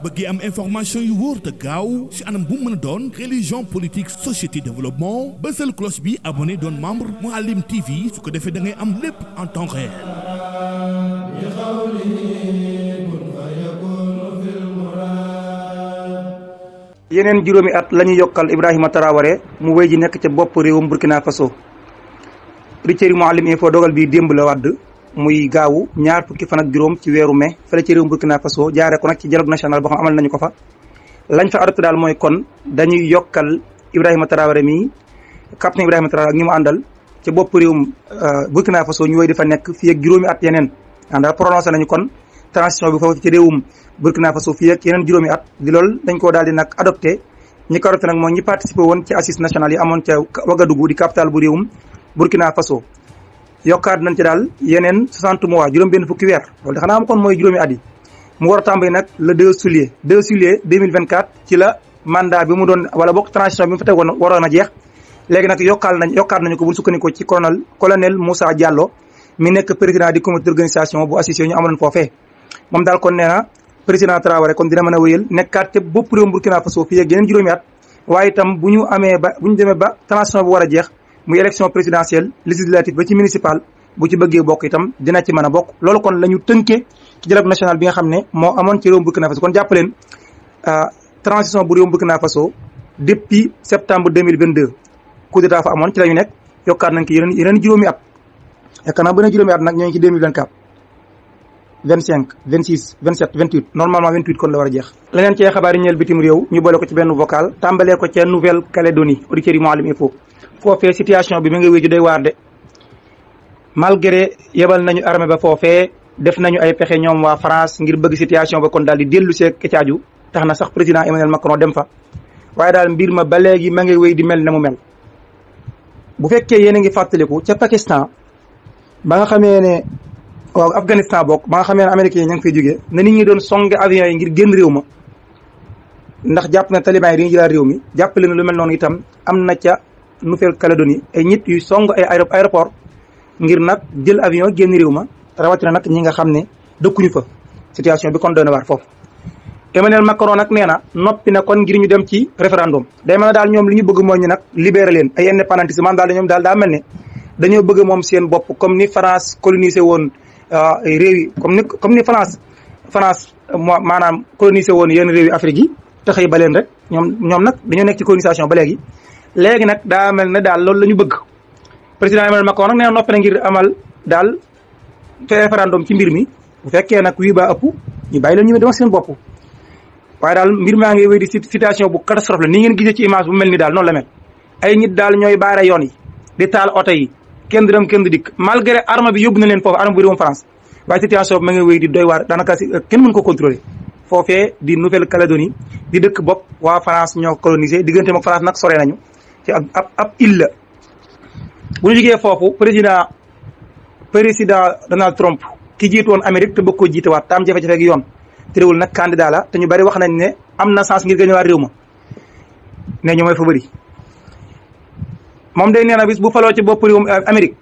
bëggee am information yu wóor te gaaw ci anam bu mën a doon religion politique société développement bësal cloche bi abonné doon membre Mouhalim TV su ko defee dangay am lépp en temps réel. yeneen juróomi at la ñu yokkal Ibrahima Traoré mu wéy ji nekk ca bopp réewum Burkina Faso. Richard Mouhalim Info dogal bii démb la wàdd. muy gaawu ñaar fukki fan ak juróom ci weeru mai fële ci réew Burkina Faso jaaree ko nag ci dialogue national boo xam amal nañu ko fa lañ fa adopté daal mooy kon dañuy yokkal Ibrahima Traoré mii capitaine Ibrahima Traoré ak ñi mu àndal ci bopp réewum euh, Burkina Faso ñu woy di fa nekk fii ak juróomi at yeneen an daal prononcé nañu kon transition bi foofu ci réewum Burkina Faso fii ak yeneen juróomi at di lool dañ koo daal di nag adopté ñi ko adopté nag mooy ñi woon ci assise nationale yi amoon ca Ouagadougou di capitale bu réewum Burkina Faso yokkaat nañ ci daal yeneen 60 mois juróom-benn fukki weer loolu de xanaa am kon mooy juróomi at yi mu war a tàmbali nag le 2 juillet 2 juillet 2024 ci la mandat bi mu doon wala bokk transition bi mu fa waroon a jeex léegi nag yokkaat nañu ko bu sukkandikoo ci colonel colonel Moussa mi nekk président du comité d'organisation bu association ñu amoon foofee moom daal kon nee président Traoré kon dina mën a wéyal nekkaat war a jeex muy élection présidentielle législative ba ci municipal bu ci bëggee bokk itam dina ci mën a bokk loolu kon la ñu tënkee ci dialogue national bi nga xam ne moo amoon ci réewum Burkina Faso kon jàpp leen euh, transition bu réewum Burkina Faso depuis septembre 2022 coup d'état fa amoon ci la ñu nekk yokkaat nañ ko yeneen yeneen juróomi at yaakaar naa beneen juróomi at nag ñoo ngi ci 2024 vingt cinq vingt six vingt sept vingt huit normalement vingt huit kon la war a jeex leneen cee xabaar yi ñeel bitim réew ñu boole ko ci benn vocal tàmbalee ko ca Nouvelle Calédonie auditeurs yi Mouhalim malgré yebal nañu armée ba foofee def nañu ay pexe ñoom waa France ngir bëgg situation ba kon daal di dellu see caaju tax na sax président Emmanuel Macron dem fa waaye daal mbir ma ba léegi ma ngi wéy di mel na mu mel bu fekkee yéen a ngi fàttaliku ca Pakistan waaw Afghanistan bokk ba nga xam ne Amérique yi ña ngi fay jógee na nit ñi doon songe avion yi ngir génn réew ma ndax jàpp na taliban yi dañuy jëlaat réew mi jàppale na lu mel noonu itam am na ca Nouvelle-Calédonie ay nit yuy song ay aéroport ngir nag jël avion génn réew ma rawatina nag ñi nga xam ne dëkkuñu fa situation bi kon doy na waar foofu. Emmanuel Macron nag nee na noppi na kon ngir ñu dem ci référendum day mel daal ñoom li ñu bëgg mooy ñu nag libéré leen ay indépendantistes maanaam daal ñoom daal daa mel ne dañoo bëgg moom seen bopp comme ni France colonisé woon. Euh, réew yi comme ni comme ni France France euh, moo maanaam colonisé woon yenn réew yi Afrique yi te xëy ba leen rek ñoom ñoom nag dañoo nekk ci colonisation ba léegi léegi nag daa mel ne daal loolu la ñu bëgg président Emmanuel Macron nag nee na noppi na ngir amal daal référendum ci mbir mi bu fekkee nag wii baa ëpp ñu bàyyi leen ñu demal seen bopp waaye daal mbir maa ngi wéy di situation bu catastrophe la ni ngeen gisee ci image bu mel ni daal noonu la mel ay nit daal ñooy baare yoon yi di kenn du dem kenn du dikk malgré arme bi yóbbu na leen foofu arme bu réewum France waaye situation bi ma ngi wéy di doy waar daanaka si euh, kenn mën ko contrôler foofee di Nouvelle-Calédonie di dëkk bopp waa France ñoo colonisé diggante mook France nag sore nañu ci ab ab ab île la bu ñu jugee foofu président président Donald Trump ki jiitu woon Amérique te bëgg koo jiitewaat tam jafe-jafe gi yoon terewul nag candidat la te ñu bari wax nañ ne am na chance ngir gagné waa réew ma ne ñoo mooy fa moom day nee na bis bu faloo ci bopp réewum euh, Amérique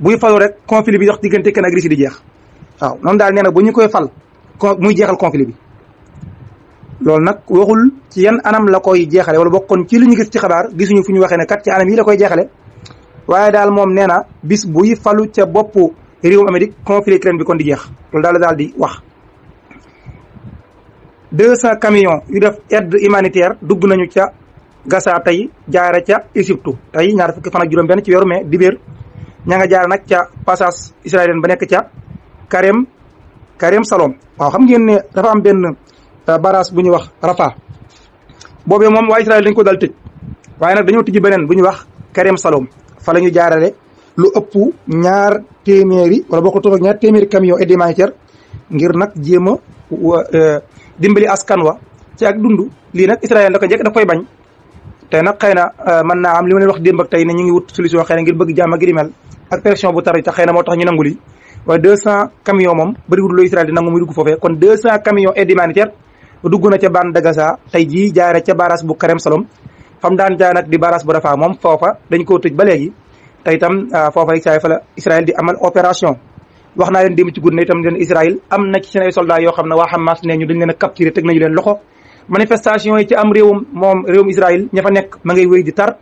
buy faloo rek conflit bi dox diggante kenn ak Russie di jeex waaw noonu daal nee na bu ñu koy fal muy jeexal conflit bi loolu nag waxul ci yan anam la koy jeexale wala bokkoon ci li ñu gis ci xabaar gisuñu fu ñu waxee ne kat ci anam yi koy jeexale waaye daal moom nee na bis buy falu ca boppu réewum Amérique conflit Ukraine bi kon di jeex loolu daal daal di wax deux cent camions yu def aide humanitaire dugg nañu ca gasaa tey jaare ca Égypte tey ñaar fukki fan ak juróom benn ci weeru mai dibéer ña nga jaare nag ca passage israélien ba nekk ca Karem Karem Salom waaw xam ngeen ne dafa am benn euh, barrage bu ñuy wax Rafa boobee moom waa Israël dañ ko dal tëj waaye nag dañoo tijji beneen bu ñuy wax Karem Salom fa la ñu jaarale lu ëpp ñaar téeméeri wala boo ko toog ñaar téeméeri camion et humanitaire ngir nag jéem a euh, dimbali askan wa ca ak dund lii nag Israël da ko da koy bañ te nag xëy na euh, mën naa am li ma wax démb ak tey ne ñu ngi wut solution xëy na ngir bëgg jàmm ak li mel ak pression bu tar yi na moo tax ñu nangu li waaye deux cent camions moom bëriwul lu Israël di nangu muy dugg foofee kon deux cent camions aide humanitaire dugg na ca bande de Gaza tey jii jaare ca barrage bu Kerem Salom fam daan jaay nag di barrage bu Rafah moom foofa dañ koo tëj ba léegi te itam euh, foofa Israël fa la Israël di amal opération wax naa leen démb ci guddi ne itam leen Israël am na ci leen a teg nañu leen loxo manifestation yi ci am réewum moom réewum Israël ña fa nekk ma ngay wéy di tar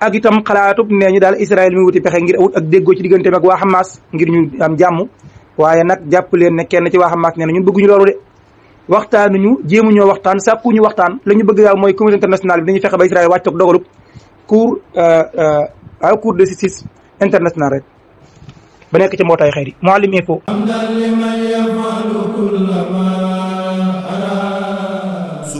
ak itam xalaatub nee ñu daal Israël mi wuti pexe ngir wut ak déggoo ci digganteem ak waa Hamas ngir ñu am jàmm waaye nag jàpp leen ne kenn ci waa Hamas nee na ñun bëgguñu loolu de waxtaanuñu jéemuñoo waxtaan sàkkuñu waxtaan la ñu bëgg daal mooy communauté internationale bi dañuy a ba Israël wàcc ak dogalub cour euh, euh, à cour de justice internationale rek ba nekk ci mbootaay xeer